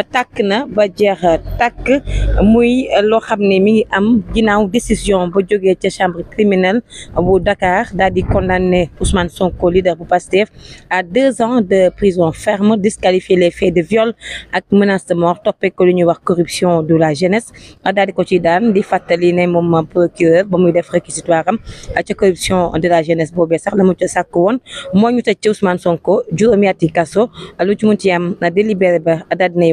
takk na ba jeex tak muy lo xamné ne mi ngi am ginnaaw décision bu jógee ci chambre criminelle bu Dakar daal di condamné Ousmane Sonko leader bu Pastef à deux ans de prison ferme disqualifier les faits de viol ak menace de mort topé ko li ñu wax corruption de la jeunesse daal di ko ci daan di fatali né mom procureur ba muy def réquisitoire am ca corruption de la jeunesse boobee sax la mu ci sàkk woon moo ñu tëj Ousmane Sonko juróomi ati kaso lu ci mu ci am délibéré ba daal di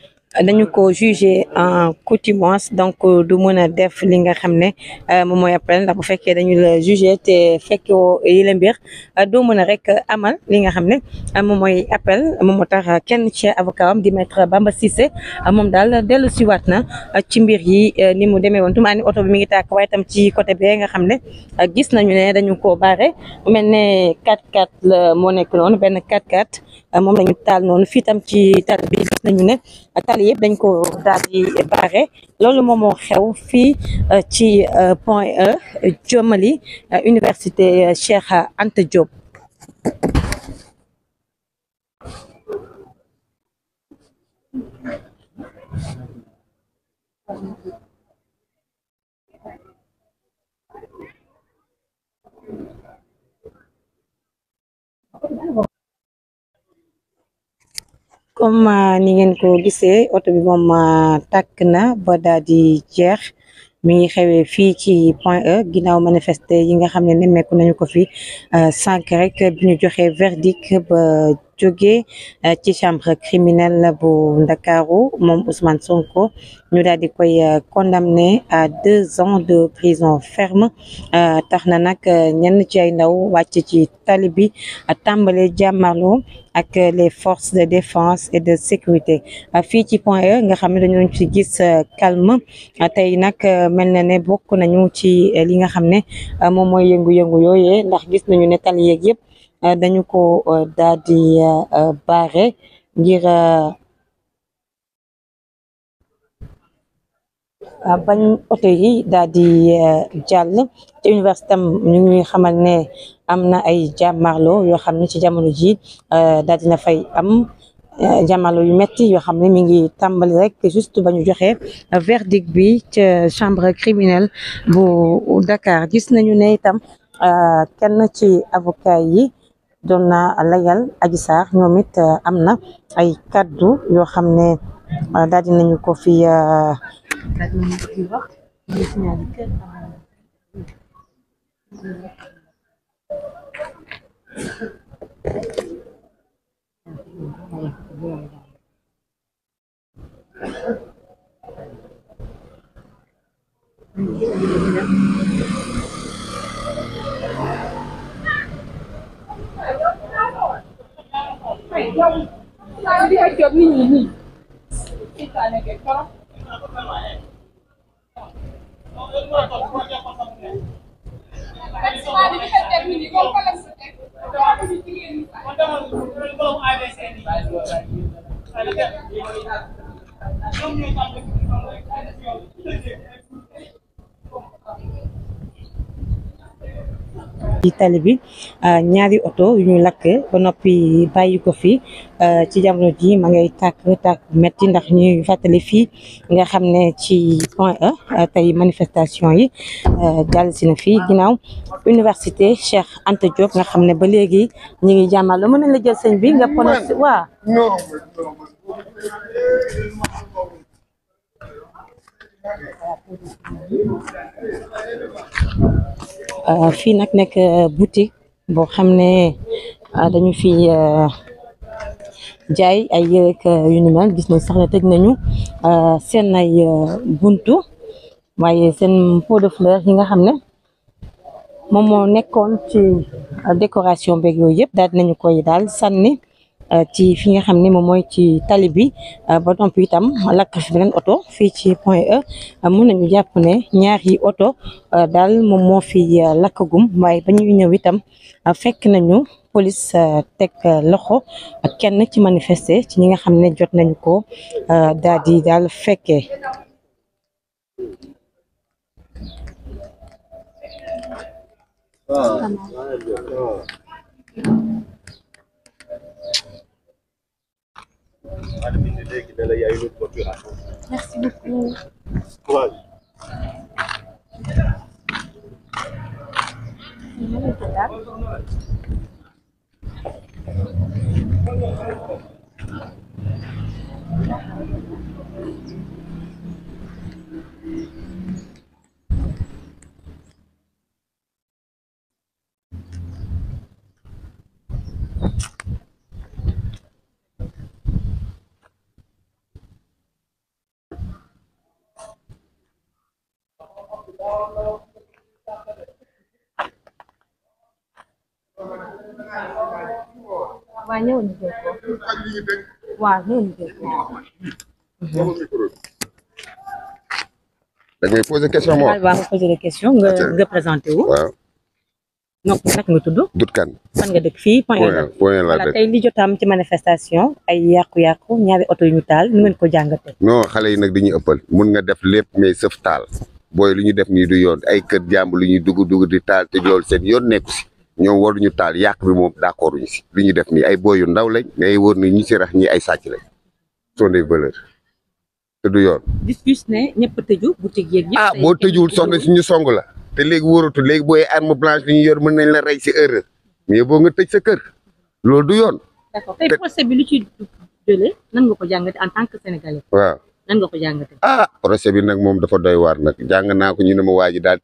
dañu ko jugé en coutumance donc euh, du mën def li nga xamné ne euh, moom appel ndax bu fekké dañu le juger te fekké wo yi la mbir euh, doo rek amal li nga xamné ne moom appel moom moo tax kenn ci avocat am di maître Bamba Cissé mom dal dellu ci watna ci mbir yi ni mu démé won tumani auto bi mi ngi tak way tam ci côté bi nga xamné gis nañu né dañu ko baare mel melné 4-4 le moo nekk noonu 4-4 moom lañu tal non fi tam ci tal bi gis nañu né tal yépp dañ ko daal di barré. loolu moom moo xew euh, ci euh, point E Jomali euh, université Cheikh Anta Diop. comme euh, ni ngeen ko gisee oto bi moom euh, tàkk na ba daal di jeex mi ngi xewee fii ci Point E ginnaaw manifester yi nga xam ne nemmeeku nañu ko fi euh, sànq rek bi ñu joxe verdict ba jogé euh, ci chambre criminelle bu Ndakaaru mom Ousmane Sonko ñu dal di koy euh, condamné à deux ans de prison ferme euh, tax na nag ñenn ci ay ndaw wacc ci talibi bi jamarlo ak les forces de défense et de sécurité fii ci point E nga xam dañu ci gis calme tay nak mel na ne nañu ci li nga xamné mom moy yëngu-yëngu ndax gis nañu né tal yeeg euh, dañu ko euh, daal di euh, baare ngir ah, bañ auto yi daal di jàll ci université am ñu ñuy xamal né amna ay jàmmarloo yo xam ci jamono ji daal dina fay am jamalo yu metti yo xam mi ngi tambali rek juste bañu joxé verdict bi ci chambre criminelle bu Dakar gis nañu ne itam kenn ci avocat yi doon na layal Adji Sarr ñoom it am na ay kaddu yoo xam ne daal di nañu ko fi wax Dia job ni ni. Kita nak ke kalau. Thank you. ci tali bi euh, ñaari oto yu ñu lakk ba noppi bàyyi ko fi euh, ci jamono ji ma ngay tàkk tàkk metti ndax ñuy fàttali fii nga xam ne ci point E euh, tey manifestation yi jàll si na fii ginnaaw université Cheikh Anta Diop nga xam ne ba léegi ñi ngi jàmmal la mën nañ la jël bi nga prononcé waa Euh, fii nag nekk euh, boutique boo xam ne euh, dañu fi jaay ay yérek yu ni mel gis nañ sax teg nañu seen ay buntu waaye seen pot de fleur yi nga xam ne moom moo nekkoon ci décoration beeg yooyu yëpp daal nañu koy daal sànni Euh, ci fi nga xam ne moom mooy ci tali bi euh, ba noppi itam lakk fi beneen oto fii ci point E euh, mun nañu jàpp ne ñaaxi yi oto daal moom moo fi lakkagum waaye ba ñuy ñëw itam fekk nañu police teg loxo kenn ci manifester ci ñi nga xam ne jot nañu ko daal di daal fekke Merci beaucoup. Courage. waaw ñëwoon ñu jël ko waaw ñëwoon question moo waaw nga posé question nga nga présenté wu waaw nga tudd Dut Kan fan nga dëkk fii point la tey li jotaam ci manifestation ay yàqu-yàqu ñaari oto yu ñu taal nu ngeen ko jàngatee non xale yi nag dañuy ëppal mun nga def lépp mais sëf taal booy lu ñu def nii du yoon ay kër jàmb lu ñuy dugg dugg di taal te loolu seen yoon nekku si ñoom ñu taal yàq bi moom d'accord ñu si li ñu def nii ay boy yu ndaw lañ mais wóor na ñi si rax ñi ay sàcc lañ sont des valeurs du yoon. discuss ne ah boo tëjuwul soxna si ñu song la te léegi wóoratu léegi booy arme blanche ñu yor mën nañ la rey si erreur mais boo nga tëj sa kër loolu du yoon. bi en tant que sénégalais. waaw ah procès nag moom dafa doy waar nag jàng naa ko ñu ne ma waa ji daal